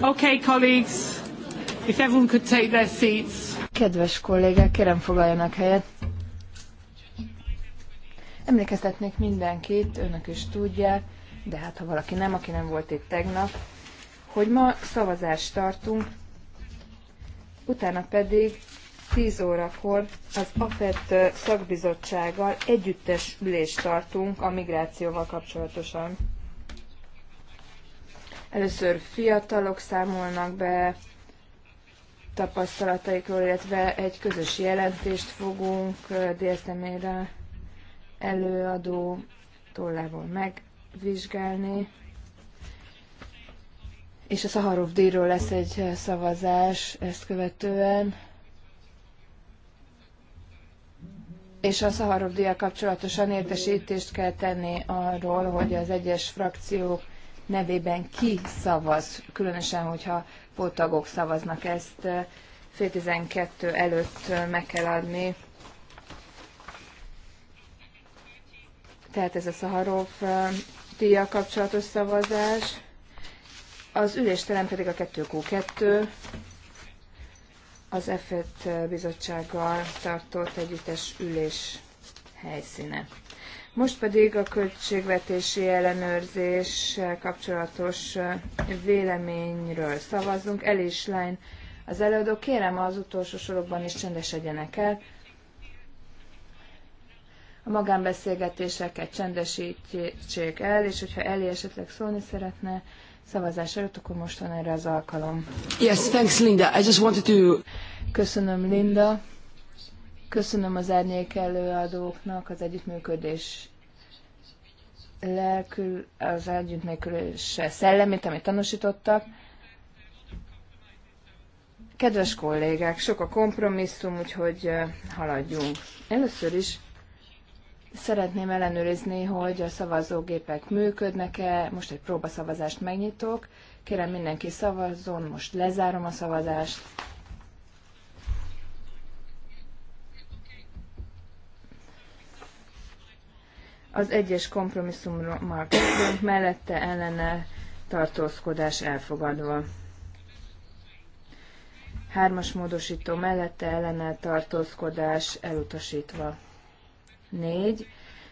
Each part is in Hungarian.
Okay, colleagues, if everyone could take their seats. Kedves kollégák, kérem foglaljanak helyet. Emlékeztetnék mindenkit, önök is tudják, de hát ha valaki nem, aki nem volt itt tegnap, hogy ma szavazást tartunk, utána pedig 10 órakor az AFET szakbizottsággal együttes ülést tartunk a migrációval kapcsolatosan. Először fiatalok számolnak be tapasztalataikról, illetve egy közös jelentést fogunk délszemére előadó tollából megvizsgálni. És a Szaharov díjról lesz egy szavazás ezt követően. És a Szaharov díjjal kapcsolatosan értesítést kell tenni arról, hogy az egyes frakciók nevében ki szavaz, különösen, hogyha pótagok szavaznak ezt fél tizenkettő előtt meg kell adni. Tehát ez a Szaharov díja kapcsolatos szavazás. Az ülésterem pedig a 2Q2 az EFET bizottsággal tartott együttes ülés helyszíne. Most pedig a költségvetési ellenőrzéssel kapcsolatos véleményről szavazzunk. Elis Lány, az előadó. Kérem az utolsó sorokban is csendesedjenek el. A magánbeszélgetéseket csendesítsék el, és hogyha Eli esetleg szólni szeretne szavazás előtt, akkor most van erre az alkalom. Yes, thanks Linda. I just wanted to... Köszönöm Linda. Köszönöm az árnyék előadóknak az együttműködés lelkül, az együttműködés szellemét, amit tanúsítottak. Kedves kollégák, sok a kompromisszum, úgyhogy haladjunk. Először is szeretném ellenőrizni, hogy a szavazógépek működnek-e. Most egy próbaszavazást megnyitok. Kérem mindenki szavazzon, most lezárom a szavazást. Az egyes kompromisszummal kezdünk, mellette ellene tartózkodás elfogadva. Hármas módosító mellette ellene tartózkodás elutasítva. Négy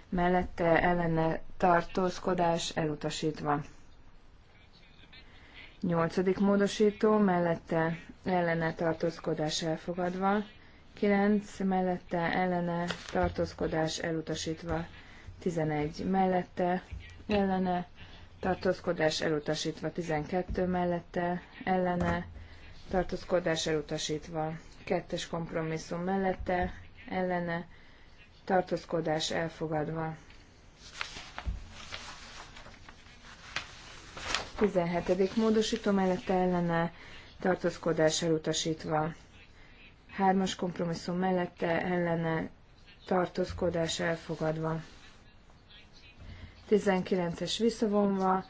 mellette ellene tartózkodás elutasítva. Nyolcadik módosító mellette ellene tartózkodás elfogadva. Kilenc mellette ellene tartózkodás elutasítva. 11 mellette, ellene, tartózkodás elutasítva 12 mellette, ellene, tartózkodás elutasítva. Kettes kompromisszum mellette, ellene, tartózkodás elfogadva. 17. módosító mellette ellene, tartózkodás elutasítva. Hármas kompromisszum mellette ellene, tartózkodás elfogadva. 19-es visszavonva,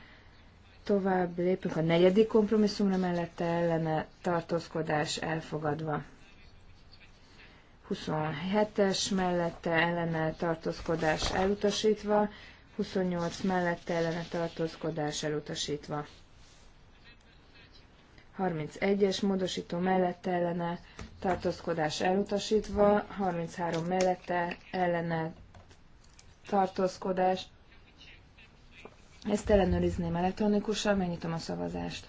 tovább lépünk a negyedik kompromisszumra mellette ellene tartózkodás elfogadva. 27-es mellette ellene tartózkodás elutasítva, 28 mellette ellene tartózkodás elutasítva. 31-es módosító mellette ellene tartózkodás elutasítva, 33 mellette ellene tartózkodás ezt ellenőrizném elektronikusan, megnyitom a szavazást.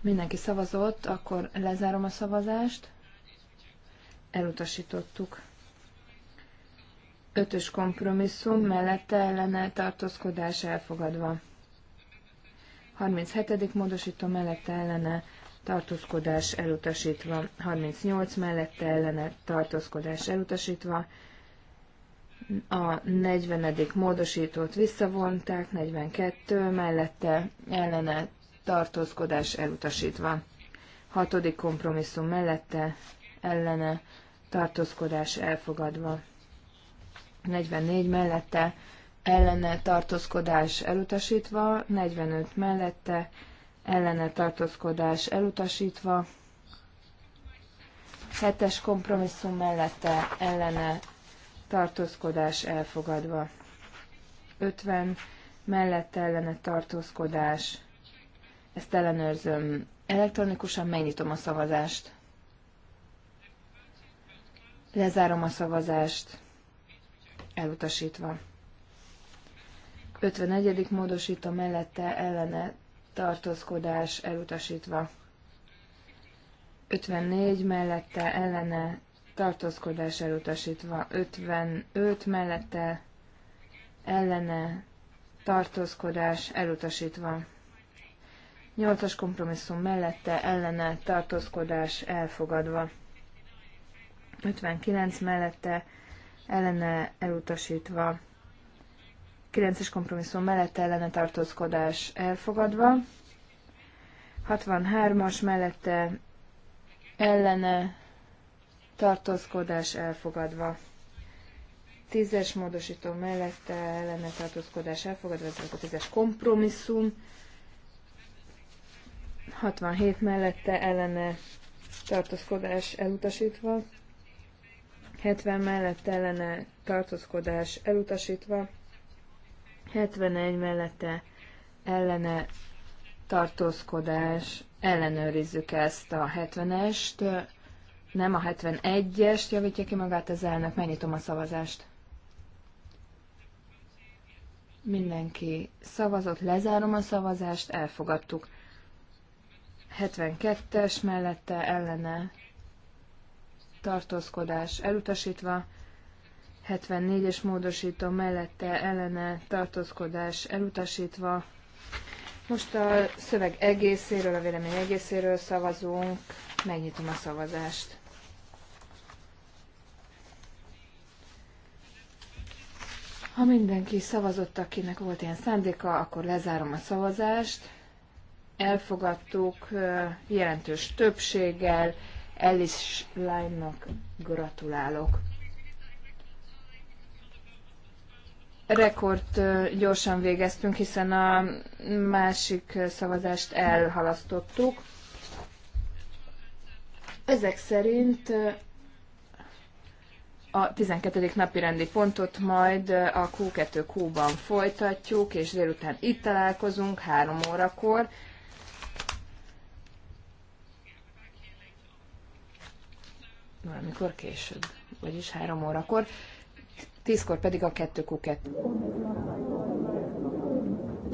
Mindenki szavazott, akkor lezárom a szavazást. Elutasítottuk. Ötös kompromisszum, mellette ellene tartózkodás elfogadva. 37. módosító mellette ellene tartózkodás elutasítva. 38 mellette ellene tartózkodás elutasítva a 40. módosítót visszavonták, 42 mellette ellene tartózkodás elutasítva. 6. kompromisszum mellette ellene tartózkodás elfogadva. 44 mellette ellene tartózkodás elutasítva, 45 mellette ellene tartózkodás elutasítva, 7 kompromisszum mellette ellene tartózkodás elfogadva. 50 mellette ellene tartózkodás. Ezt ellenőrzöm. Elektronikusan megnyitom a szavazást. Lezárom a szavazást. Elutasítva. 51. módosító mellette ellene tartózkodás elutasítva. 54 mellette ellene tartózkodás elutasítva 55 mellette ellene tartózkodás elutasítva. 8-as kompromisszum mellette ellene tartózkodás elfogadva. 59 mellette ellene elutasítva. 9-es kompromisszum mellette ellene tartózkodás elfogadva. 63-as mellette ellene tartózkodás elfogadva. Tízes módosító mellette lenne tartózkodás elfogadva, ez a tízes kompromisszum. 67 mellette ellene tartózkodás elutasítva. 70 mellette ellene tartózkodás elutasítva, 71 mellette ellene tartózkodás, ellenőrizzük ezt a 70-est, nem a 71-est javítja ki magát az elnök. Megnyitom a szavazást. Mindenki szavazott, lezárom a szavazást, elfogadtuk. 72-es mellette ellene tartózkodás elutasítva, 74-es módosító mellette ellene tartózkodás elutasítva. Most a szöveg egészéről, a vélemény egészéről szavazunk, megnyitom a szavazást. Ha mindenki szavazott, akinek volt ilyen szándéka, akkor lezárom a szavazást. Elfogadtuk jelentős többséggel. Alice Lime-nak gratulálok. rekord gyorsan végeztünk, hiszen a másik szavazást elhalasztottuk. Ezek szerint a 12. napi rendi pontot majd a Q2Q-ban folytatjuk, és délután itt találkozunk 3 órakor. Valamikor később, vagyis 3 órakor. 10-kor pedig a 2Q2.